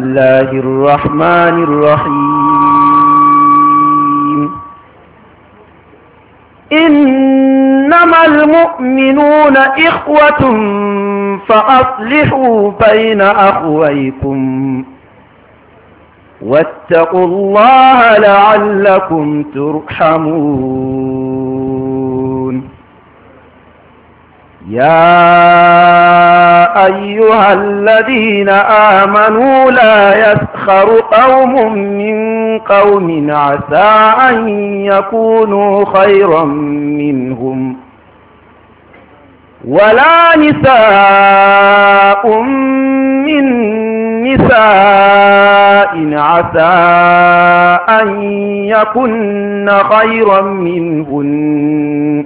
الله الرحمن الرحيم إنما المؤمنون إخوة فأصلحوا بين أخويكم واتقوا الله لعلكم ترحمون يا أيها الذين آمنوا لا يسخر قوم من قوم عسى أن يكونوا خيرا منهم ولا نساء من نساء عسى أن يكن خيرا منهن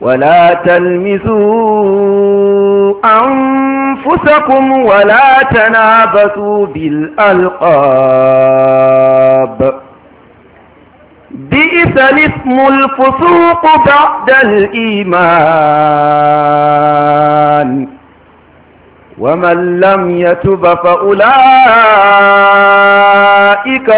ولا تلمزوا أنفسكم ولا تنابثوا بالألقاب بئس الاسم الفسوق بعد الإيمان ومن لم يتب فأولئك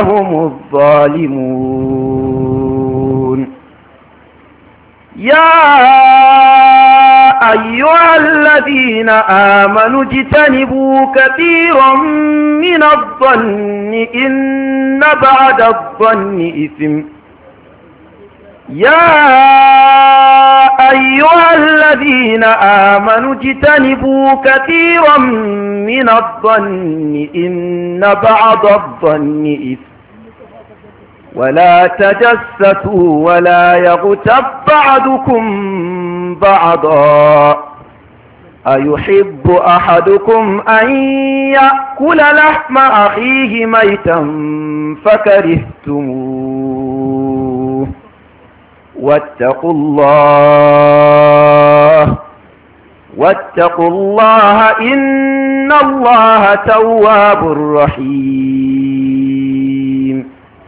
هم الظالمون يا أيها الذين آمنوا اجتنبوا كثيرا من الظن إن بعد الظن إثم يا أيها الذين آمنوا اجتنبوا كثيرا من الظن إن بعد الظن إثم ولا تجسسوا ولا يغتب بعضكم بعضا أيحب أحدكم أن يأكل لحم أخيه ميتا فكرهتموه واتقوا الله واتقوا الله إن الله تواب رحيم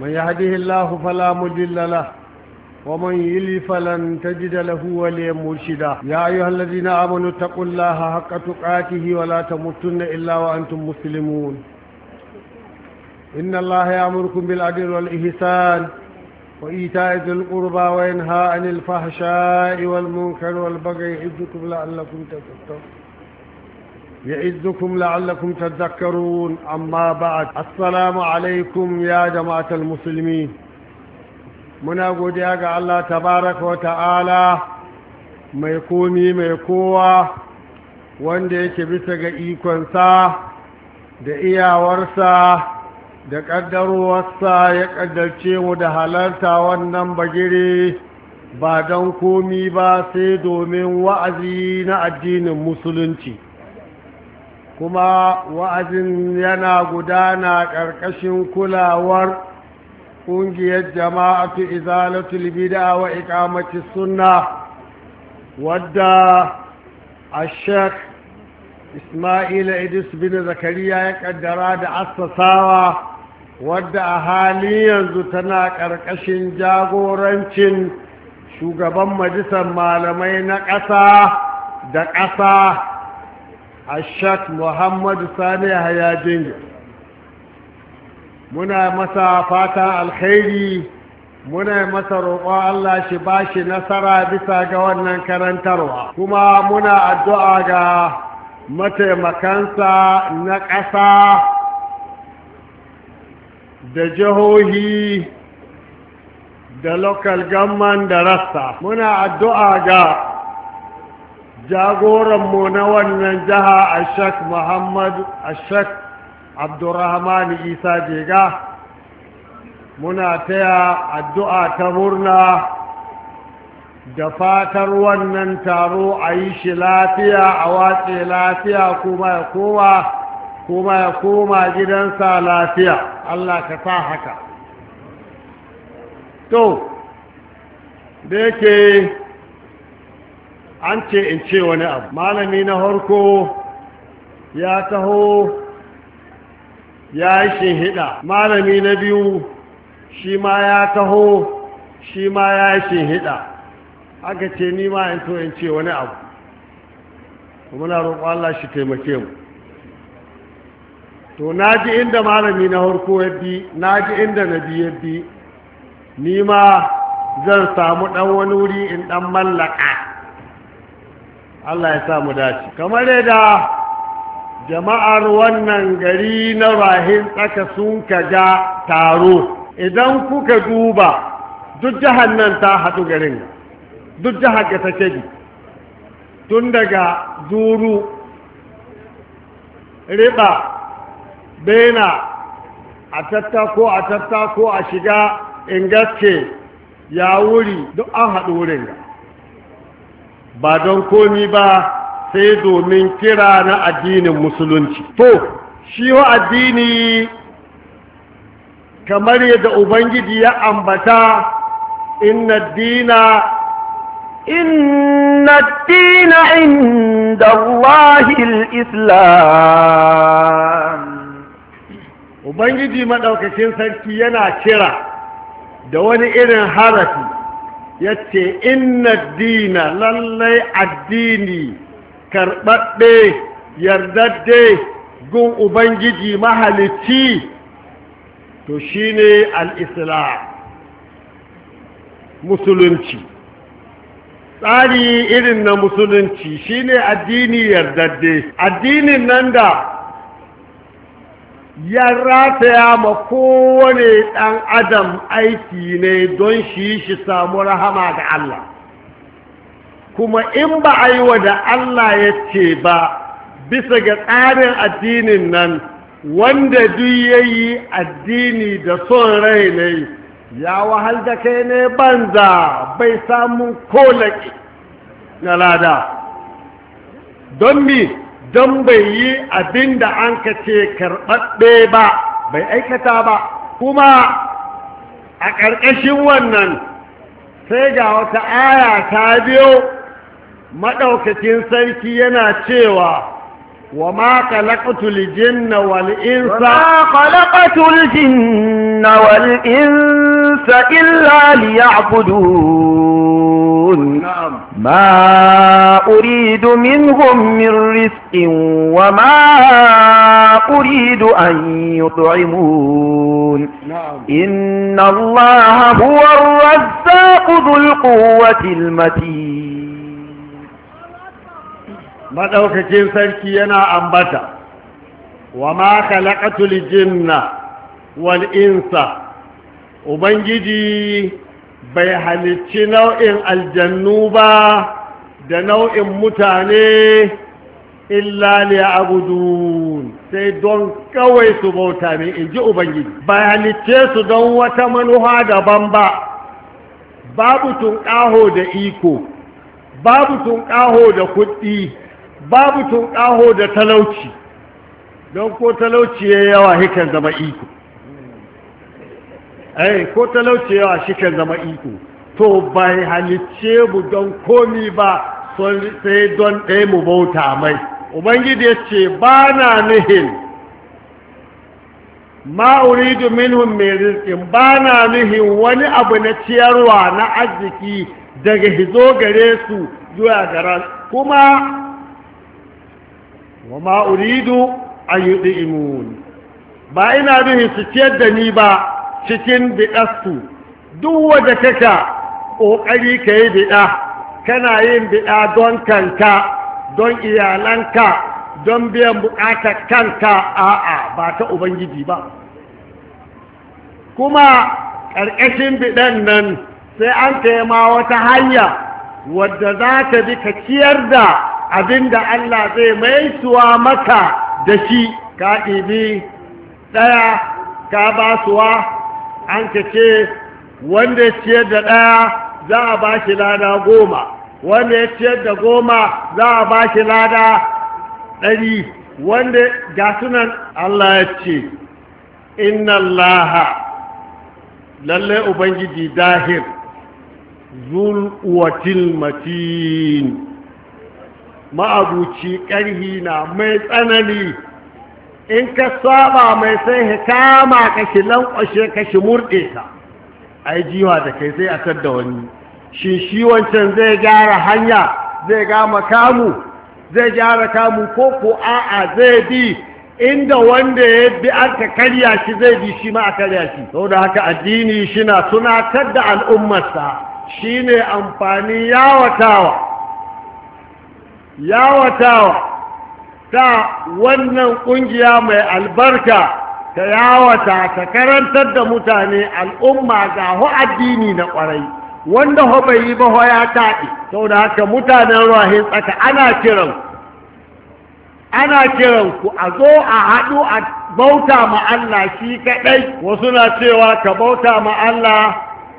من يهده الله فلا مضل له ومن يلي فلن تجد له وليا مرشدا يا أيها الذين آمنوا اتقوا الله حق تقاته ولا تموتن إلا وأنتم مسلمون إن الله يأمركم بالعدل والإحسان وإيتاء ذي القربى وينهى عن الفحشاء والمنكر والبغي يعظكم لعلكم تذكرون Ya يعزكم لعلكم تذكرون أما بعد السلام عليكم يا musulmi! Muna godiya ga Allah تبارك وتعالى mai komi mai kowa wanda yake bisa ga ikonsa da iyawarsa da ƙaddarowarsa ya ƙaddarce mu da halarta wannan bagire ba don komi ba sai domin wa'azi na addinin musulunci kuma wa'azin yana gudana ƙarƙashin kulawar ƙungiyar jama'atu izalatul bid'a wa iqamati sunna wadda ashek ismaila idris bin zakariya ya ƙaddara da assasawa wadda a halin yanzu tana ƙarƙashin jagorancin shugaban majisar malamai na ƙasa da ƙasa ashak muhammadu sani ya muna masa fatan alkhairi muna masa roƙo Allah shi ba shi nasara bisa ga wannan karantarwa kuma muna addu'a ga mataimakansa na ƙasa da jihohi da lokal government da rasta muna addu'a ga Jagoran mu na wannan jiha ashak muhammad ashak abdurrahman isa jega muna taya addu'a ta murna da fatar wannan taro a yi shi lafiya a watse lafiya kuma ya koma kuma ya koma gidansa lafiya Allah ka sa haka to da yake an ce in ce wani abu malami na harko ya taho ya yi shinhiɗa malami na biyu shi ma ya taho shi ma ya yi shinhiɗa aka ce ni ma in to in ce wani abu muna roƙo Allah shi taimake mu to na ji inda malami na harko ya bi na ji inda na biyu ya bi ni ma zan samu ɗan wani wuri in ɗan mallaka Allah ya sa mu dace kamar da jama'ar wannan gari na rahin tsaka sun kaga taro idan kuka duba duk jihar nan ta haɗu garin duk jihar ga take tun daga zuru riba bena a tattako a tattako a shiga ingaske ya wuri duk an haɗu wurin ga ba don komi ba sai domin kira na addinin musulunci to shi wa addini kamar yadda ubangiji ya ambata inna dina inna dina inda wahil islam ubangiji maɗaukacin sarki yana kira da wani irin harafi ya ce inna dina lallai addini karɓaɓɓe yardadde gun ubangiji mahalicci to shi ne al'islam musulunci tsari irin na musulunci shi ne addini yardadde addinin nan da ya rataya ma kowane ɗan adam aiki ne don shi shi samu rahama da Allah kuma in ba a yi wa da Allah ya ce ba bisa ga tsarin addinin nan wanda duk ya addini da son rai ne ya wahal da kai ne banza bai samun kolaki na lada don mi don bai yi abin da an ka ce karɓaɓɓe ba bai aikata ba kuma a ƙarƙashin wannan sai ga wata aya ta biyo maɗaukacin sarki yana cewa wal خلقت Wa ma وما خلقت الجن والإنس إلا أريد منهم من رزق وما أريد أن يطعمون نعم. إن الله هو الرزاق ذو القوة المتين مدوك جنسا كينا أنبتا وما خلقت الجن والإنس وبنجدي بيحلتش نوئن الجنوبة وما da nau'in mutane illa abudun sai don kawai su bauta min ji ubangiji ba halicce su don wata manuha daban ba babu kaho da iko babu kaho da kuɗi babu kaho da talauci don ko talauci ya yawa hikan zama iko ai eh, ko talauci yawa shi kan zama iko to bai halicce mu don komi ba sai don ɗaya mu bauta mai ubangiji ya ce ba na nihin ma'uridu minhum mai rizkin ba na nihin wani abu na ciyarwa na arziki daga hizo gare su zuwa gara kuma wa ma'uridu a yi imun ba ina nihin su ciyar da ni ba cikin biɗarsu duk wadda kaka ƙoƙari ka yi biɗa kana yin biɗa don kanka don iyalanka don biyan buƙatar kanka a'a ba ta ubangiji ba kuma ƙarƙashin biɗan nan sai an taima wata hanya wadda za ta bi ka ciyar da abin da Allah zai maisuwa maka da shi ka ɗibi ɗaya ka basuwa an ka ce wanda ciyar da ɗaya za a ba shi lada goma wanda ya ciyar da goma za a ba shi lada ɗari wanda ga sunan Allah ya ce inna Laha, lalle ubangiji dahir zul watil matin ma'abuci ƙarhi na mai tsanani in ka saba mai sai kama kashi lankwashe kashi murɗe ka ai jiwa da kai sai a tadda wani shi shi wancan zai gyara hanya zai gama kamu zai gyara kamu ko ko a'a zai bi inda wanda ya bi aka karya shi zai bi shi ma a karya shi sau da haka addini shi na tunatar da al'ummarsa shi ne amfani yawatawa yawatawa ta wannan ƙungiya mai albarka ta yawata ta karantar da mutane al'umma ga hu addini na kwarai wanda hu bai yi ba hu ya taɗi sau da haka mutanen rahin tsaka ana kiran ana kiran ku a zo a haɗu a bauta ma Allah shi kaɗai wasu na cewa ka bauta ma Allah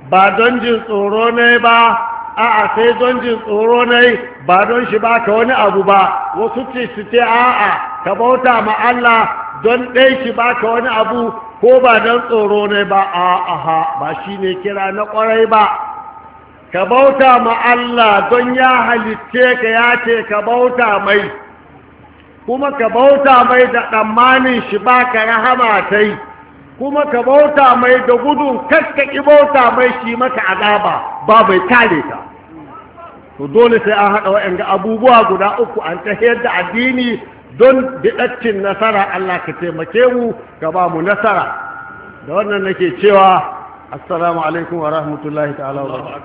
ba don jin tsoro ne ba a'a sai don jin tsoro ne ba don shi ba ka wani abu ba wasu ce su ce a'a ka bauta ma Allah don ɗai shi baka wani abu ko ba don tsoro ne ba a aha ba shi ne kira na ƙwarai ba ka bauta ma Allah don ya halitte ka ya ce ka bauta mai kuma ka bauta mai da tsammanin shi baka rahama ta yi kuma ka bauta mai da gudun kaskaki bauta mai shi maka azaba ba bai kare ka to dole sai an haɗa wa'yan abubuwa guda uku an ta da addini don bidaccin nasara Allah ka taimake mu ka ba mu nasara da wannan nake cewa assalamu alaikum wa rahmatullahi ta'ala wa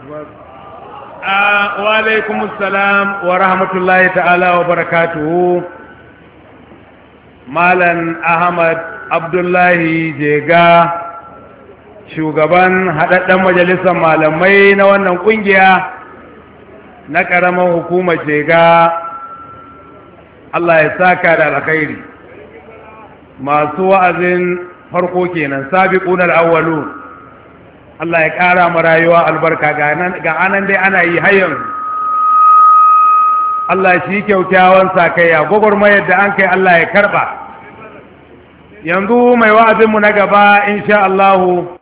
ah, alaikum wa rahmatullahi ta'ala wa barakatuhu malam ahmad abdullahi jega shugaban haɗaɗɗen majalisar malamai na wannan ƙungiya na ƙaramar hukumar jega Allah ya saka da alkhairi masu wa'azin farko kenan sabiquna ƙunar awwalun Allah ya ƙara mu rayuwa albarka ga anan dai ana yi hayan. Allah shi kyaukyawan sakayya mai da an kai Allah ya karba yanzu mai wa'azinmu na gaba insha Allahu